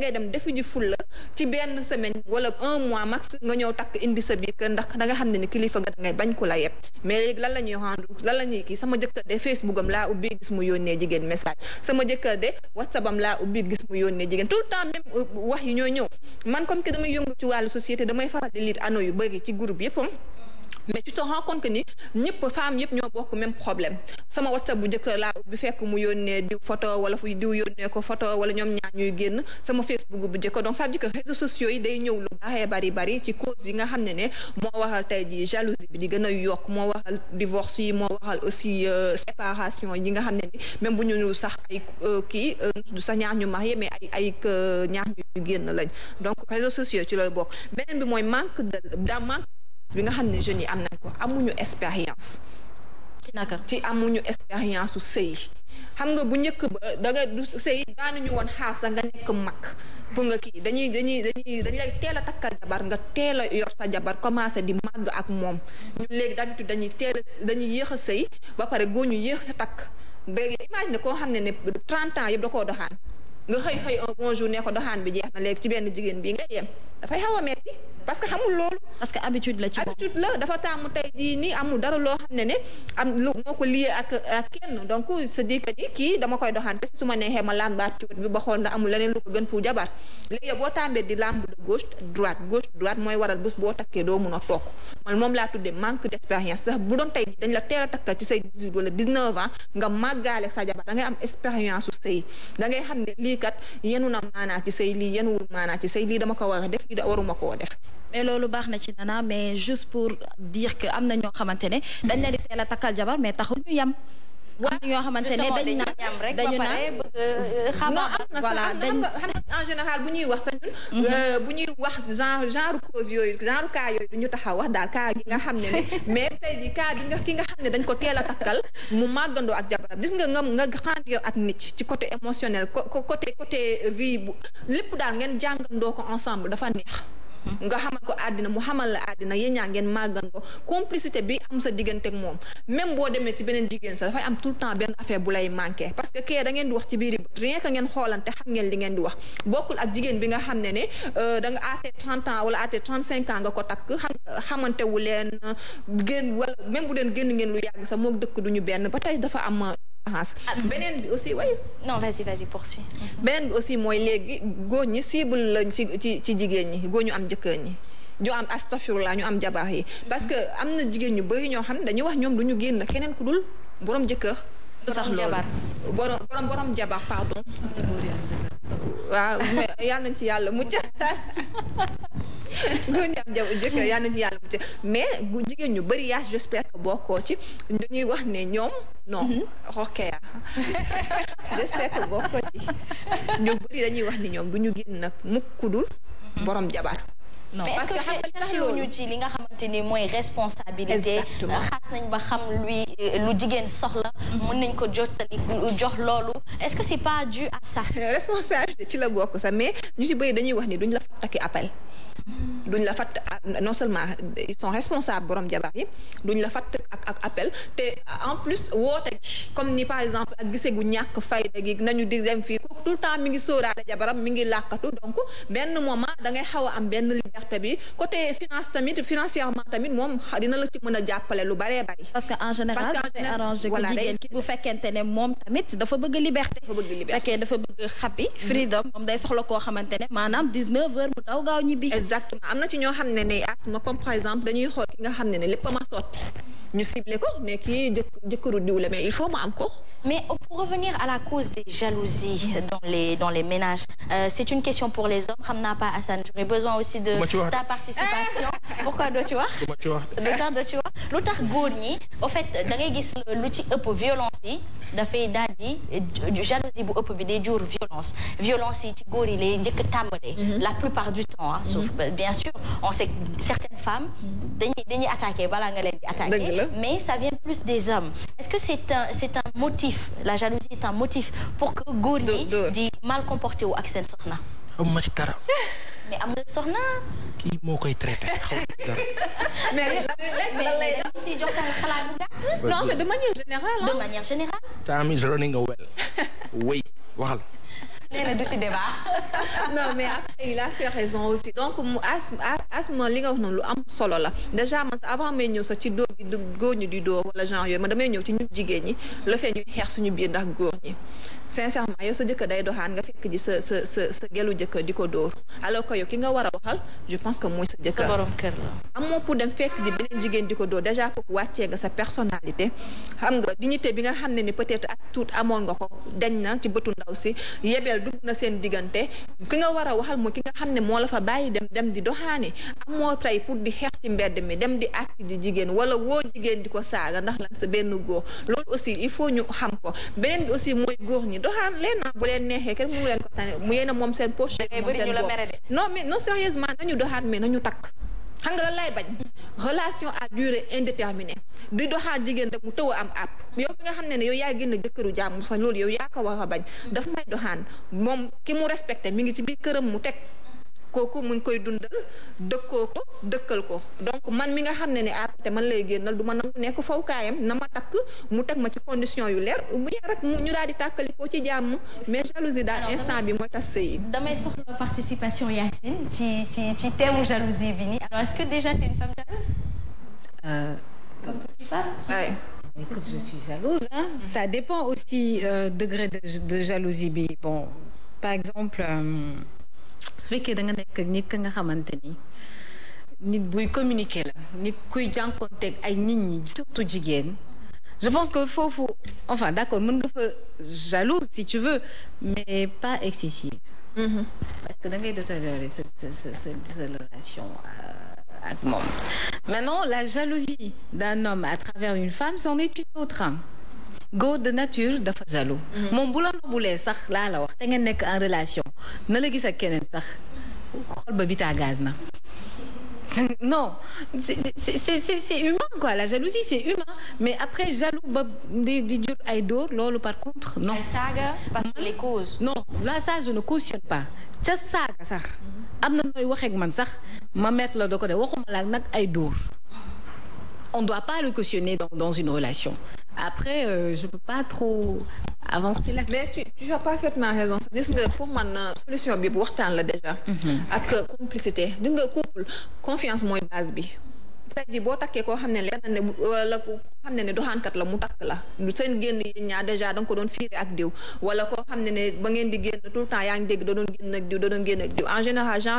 ngay dem defi ji fulla ci benn semaine wala un mois max nga ñëw takk indi sa biir kër ndax da nga xam ne ni kilifa nga ngay bañ ko la yeb mais léegi lan la ñuy rendre lan la ñuy kii sama jëkkër de Facebook am laa ubbi gis mu yónnee jigéen message sama jëkkër de WhatsApp am laa ubbi gis mu yónnee jigéen tout le temps même euh, wax yi ñoo ñëw man comme que damay yëngu ci wàllu société damay faral di liit ano yu bëri ci group yëpp mais tu te rends compte que ni ñëpp femme yëpp ñoo bokk même problème sama whatsapp bu jëkk laa bu fekk mu yónnee diw photo wala fu diw yónnee ko photo wala ñoom ñaar ñuy génn sama facebook bu jëkkër donc ça veut dire que réseaux sociaux yi day ñëw lu baaxee bari bari ci cause yi nga xam ne ne moo waxal tey ji jalousie bi di gën a yokk moo waxal divorce yi moo waxal aussi euh, séparation yi nga xam ne ni même bu ñu sax ay euh, kii du euh, sax ñaar ñu marié mais ay ay ñaar ñu génn lañ donc réseaux ci looy bokk beneen bi mooy manque de manque bi nga xam ne jeunes yi am nañ ko amuñu expérience ci naka ci amuñu expérience su sëy xam nga bu njëkk ba da nga du sëy daanuñu woon xaar sax nga nekk mag pour nga kii dañuy dañuy dañuy dañuy lay teel a takkal jabar nga teel a yor sa jabar commencé di màgg ak moom ñu léegi d'habitude dañuy teel dañuy yéex a sëy ba pare góor ñu yéex a takk léegi imagine koo xam ne ne trente ans yëpp da koo doxaan nga xëy xëy un bon jour ne ko doxaan bi jeex na léegi ci benn jigéen bii nga yem dafay xaw a metti parce que xamul loolu. parce que habitude la ci la dafa taamu tey jii nii amul dara loo xam ne ne am lu moo ko lié ak kenn donc se dit que kii dama koy doxante su ma neexee ma làmbaat ci wet bi ba xool na amul leneen lu ko gën pour jabar léegi boo tàmbee di làmb de gauche droite gauche droite mooy waral bés boo takkee doo mun a toog man moom laa tuddee manque d' expérience sax bu doon tey dañ la teel a takkal ci say 18 wala 19 ans nga màggaale sa jabar da am expérience su sëy da ngay xam ne lii kat yenu na maanaa ci sëy lii yenuwul maanaa ci sëy lii dama ko war def lii da waruma koo def mais loolu baax na ci nana mais juste pour dire que am na ñoo xamante ne dañ leen di teel a takkal jabar mais taxul ñu yam am na ñoo xamante ne dañu naan euh, dañu naan xam nga voilà dañu xam en général bu ñuy wax sax ñun. Mhm. Euh, bu ñuy wax genre genre cause yooyu genre cas yooyu ñu taxaw wax daal cas gi nga xam ne ne mais tey jii cas bi nga ki nga xam ne dañ ko teel a takkal mu màggandoo ak jabaram gis nga nga nga grandir ak nit ci côté émotionnel côté côté vie bu lépp daal ngeen jàngandoo ko ensemble dafa neex. nga xamal ko àddina mu xamal la àddina yéen ñaa ngeen màggan ko complicité bi am sa diggante moom même boo demee ci beneen jigéen sa dafay am tout le temps benn affaire bu lay manqué parce que kee da ngeen di wax ci biir rien que ngeen xoolante xam ngeen li ngeen di wax bokkul ak jigéen bi nga xam ne ne euh, danga nga aatee trente ans wala aatee trente cinq ans nga ko takk xam xamante wu leen génn wala même bu leen génn ngeen lu yàgg sax moo dëkk du ñu benn ba tey dafa am dépense. Ah, beneen bi aussi way non vas-y vas-y poursuis. beneen bi aussi mooy léegi góor ñi cible lañ ci ci ci jigéen ñi góor ñu am jëkkër ñi. ñu am laa ñu am jabar yi. parce que am na jigéen ñu bëri ñoo xam ne dañuy wax ñoom du ñu génn keneen ku dul boroom jëkkër. borom jabar borom borom borom jabar pardon. waaw yàlla nañ ci yàlla mucc. góor ñi am jabar jëkkër yal nañu yàlla mucc mais gu jigéen ñu bëri yaas j'espère que bokkoo ci dañuy wax ne ñoom non rokeya mm-hmm. ah. j'espère que bokkoo ñu bëri dañuy wax ni ñoom du ñu génn nag mukkudul mm-hmm. boroom jabar non parce que xam nga xewuñu li nga xamante ni mooy responsabilité. xaas euh, nañ ba xam luy euh, lu jigéen soxla. Mhm. mën nañ ko jottali jox loolu est-ce que c'est pas dû à ça. Euh, ci la bokk sax mais ñu ci bëri dañuy wax ni duñ la fa takki appel. Mhm. duñ la fat non seulement ils sont borom jabar yi duñ la fatt ak ak appel te en plus woote comme ni par exemple ak gise gu ñàkk fayda gi nañu di dem fii kooku le temps mi ngi sóoraale jabaram mi ngi làkkatu donc benn moment da ngay xaw am benn liberté bi côté finance tamit financièrement tamit moom dina la ci mën a jàppale lu baree bari. parce que en général dafay arrangé ko jigéen ki bu fekkente ne moom tamit dafa bëgg liberté. dafa bëgg liberté dafa bëgg xàppi. freedom moom day soxla koo xamante ne maanaam 19 heures mu daw gaaw ñibbi. exactement am na ci ñoo xam ne ne asma ah, comme par exemple dañuy xool ki nga xam ne ne lépp ma sotti. ñu ciblé ko ne kii jëkk jëkkëru diw la mais il faut mu am ko. mais pour revenir à la cause euh, c'est une question pour les hommes xam naa pas Assane j'aurais besoin aussi de ta participation pourquoi doo ci wax lu tax ñi au fait da ngay gis lu ci ëpp violence dafay daal di jalousie bu ëpp bi day jur violence violence yi ci góor yi lay njëkk tàmbalee mhm. la plupart du temps mhm. bien sûr on sait que certaines femmes mhm. dañuy dañuy attaquer balaa nga leen di attaquer mais ça vient plus des hommes est-ce que c'est un c'est un motif la jalousie est un motif pour que góor yi di mal comporté wu ak seen soxna mais am nga soxna. kii moo koy traité xaw ma dara. mais léegi da si jox sa xalaat bu gàtt. mais de manière générale de manière générale. time is running away. oui waxal. nee du ci débat. non mais après il a ses raisons aussi donc mu as as li nga wax noonu lu am solo la déjà man avant may ñëw sax ci dóor gi góor ñi di dóor wala genre yooyu man damay ñëw ci ñun jigéen ñi la fee ñuy xeex suñu biir ndax góor ñi. sincèrement yow sa jëkkër day doxaan nga fekk ji sa sa sa gelu jëkkër di ko dóor alors ko yow ki nga war a waxal je pense que mooy sa jëkkër borom kër la amoo pour dem fekk jigéen di ko dóor déjà foofu wàccee nga sa personnalité xam nga dignité bi nga xam ne ni peut-être ak tuut amoon nga ko dañ na ci bëtu ndaw si yebeel dugg na seen diggante ki nga war a waxal mooy ki nga xam ne moo la fa bàyyi dem dem di doxaani amoo tey pour di xeex ci mbedd mi dem di ak ji jigéen wala woo jigéen di ko saaga ndax lan sa benn góor loolu aussi il faut ñu xam ko beneen aussi mooy góor ñi doxaan leen na bu leen neexee kenn mënu leen ko tane mu yéen a moom seen poche moom seen bopp non mais non sérieusement nañu doxaan mais nañu takk xam nga lan laay bañ relation à durée indéterminée di doxaan jigéen rek mu tëw am àpp yow ki nga xam ne ne yow yaa génn jëkkëru jàmm sax loolu yow yaa ko war a bañ dafa may doxaan moom ki mu respecté mi ngi ci biir këram mu teg kooku mu ngi koy dundal dëkkoo ko dëkkal ko donc man mi nga xam ne ne àtte ah, man lay génnal du ma nangu nekk fawkaayam na ma takk mu teg ma ci condition yu leer bu ñu daal di tàkkalikoo ci jàmm mais jalousie daal instant bi mooy tas sëy yi damay soxla participation Yacine ci ci ci thème jalousie bi nii alors est-ce que déjà t'es une femme jalouse euh, comme tu euh, degré de, de jalousie bi par exemple euh, su fekkee da nga nekk ak nit nga xamante ni nit buy communiquer la nit kuy jànkoonteeg ay nit ñi surtout jigéen je pense que foofu enfin d'accord mën nga fa jalouse si tu veux mais pas excessive mm-hmm. parce que da ngay détériorer sa sa sa relation euh, ak moom maintenant la jalousie d'un homme à travers une femme c'en est une autre go de nature dafa jaloux. Mhm. moom bu la nobulee sax laa la wax te ngeen nekk en relation na la gis ak keneen sax xol ba bita gaz na. non c'est c'est humain quoi la jalousie c'est humain mais après jaloux ba di jur ay dóor loolu par contre non. ay saaga parce que les causes. non là je ne cautionne pas ca saaga sax am na nooy waxeek man sax ma mettre la de côté waxuma la nag ay dóor on doit pas le cautionner dans dans une relation. après euh, je peux pas trop avancer là. mais tu tu as parfaitement raison gis nga pour man euh, solution bi bu waxtaan la déjà. Mhm. ak euh, complicité di nga couple confiance mooy base bi. tey ji boo takkee koo xam ne ne la la mu takk la seen génn yéen ñaar dèjà da nga ko doon fiire ak diw wala koo xam ne ne ba ngeen di génn tout temps yaa ngi dégg da doon génn ak diw da doon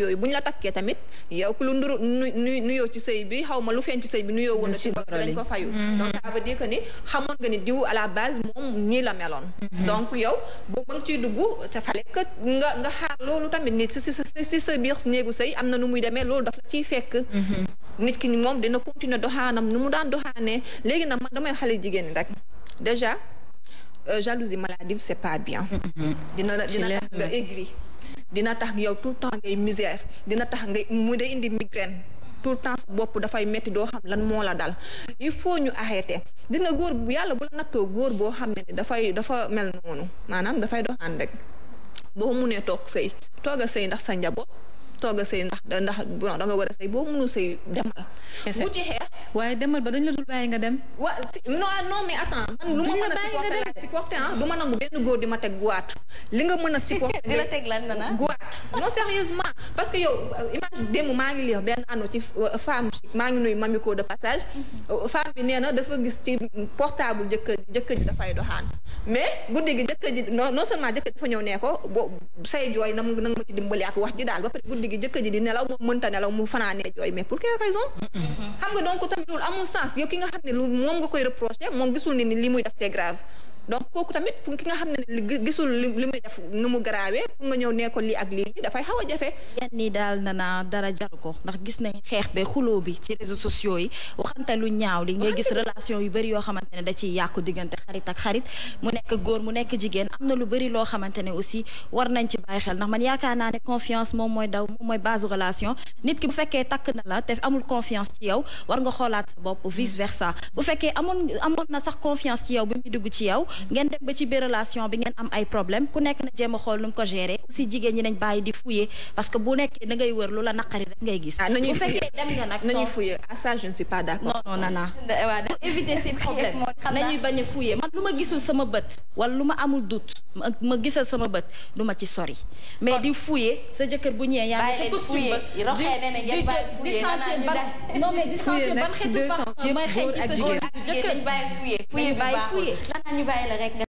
yooyu bu la takkee tamit yow ku lu nduru nu nuyoo ci sëy bi xaw lu feeñ ci sëy bi nuyoo woon ci dañ ko fayu mm-hmm. donc ça veut dire ni xamoon nga ni diw à la base moom ñii la meloon mm-hmm. donc yow bu ba nga ciy dugg te fallait nga xaar loolu tamit nit si si si sa nit ki moom dina continuer doxaanam nu mu daan doxaanee léegi nag man damay xale jigéen ñi rek déjà euh, jalousie maladive c'est pas bien. Mm-hmm. dina dina tax nga aigri dina tax yow tout le temps ngay misère dina tax nga mu day indi migraine tout le temps bopp dafay metti doo xam lan moo la dal il faut ñu arrêter di nga góor bu yàlla bu la nattoo góor boo xam ne dafay dafa mel noonu maanaam dafay doxaan rek boo munee toog sëy toog a sëy ndax sa njaboot. toog a sëy ndax ndax bon da nga war a sëy boo mënu sëy demal. bu ci xeex. waaye demal ba dañ la dul nga dem. wa si non ah, man lu ma mën a supporté la ah, ma nangu benn góor di ma teg guwaat li nga mën a supporté di la teg lan nana guwaat non sérieusement parce que yow euh, image démb maa ngi lire benn anno ci euh, femme maa ngi nuy mamiko de passage mm-hmm. euh, femme bi nee na dafa gis ci portable jëkkër jëkkër ji dafay doxaan mais guddi gi jëkkër ji non non seulement jëkkër dafa ñëw nee ko boo say jooy na nga ma ci dimbali ak wax ji daal ba pare guddi gi jëkkër di nelaw moom mënta nelaw mu fanaanee jooy mais pour quelle raison mm-hmm. xam nga donc tamit loolu amul sens yow ki nga xam ne lu moom nga koy reproché moom gisul ne ni li muy def c'est grave donc kooku tamit pour ki nga xam ne gisul li li muy def nu mu garaawee pour nga ñëw nekkoon lii ak lii dafay xaw a jafe. yenn yi daal na naa dara jaru ko ndax gis nañ xeex be xuloo bi ci réseaux sociaux yi waxante lu ñaaw li ngay gis relation yu bëri yoo xamante ne da ciy yàqu diggante xarit ak xarit mu nekk góor mu nekk jigéen am na lu bëri loo xamante ne aussi war nañ ci bàyyi xel ndax man yaakaar naa ne confiance moom mooy daw moom mooy base relation nit ki bu fekkee takk na la te amul confiance ci yow war nga xoolaat sa bopp vice versa bu fekkee amoon amoon na sax confiance ci yow bi muy dugg ci yow ngeen dem ba ci biir relation bi ngeen am ay problème ku nekk na jéem xool nu ko gérer aussi jigéen ñi nañ bàyyi di fouiller parce que bu nekkee da wër lu la naqari rek ngay gis. Ah, bu fekkee dem nga nag. nañuy fouiller à ah, éviter ces problèmes. nañuy bañ a fouillé man lu ma gisul sama bët wala lu ma amul doute ma gisal sama bët lu ma ci sori mais di fouillé sa jëkkër bu ñëwee yaa ngi ci costume ba di di sentir mais di sentir ban xeetu parfum may xëy ci sa jëkkër bàyyi fouillé fouillé bàyyi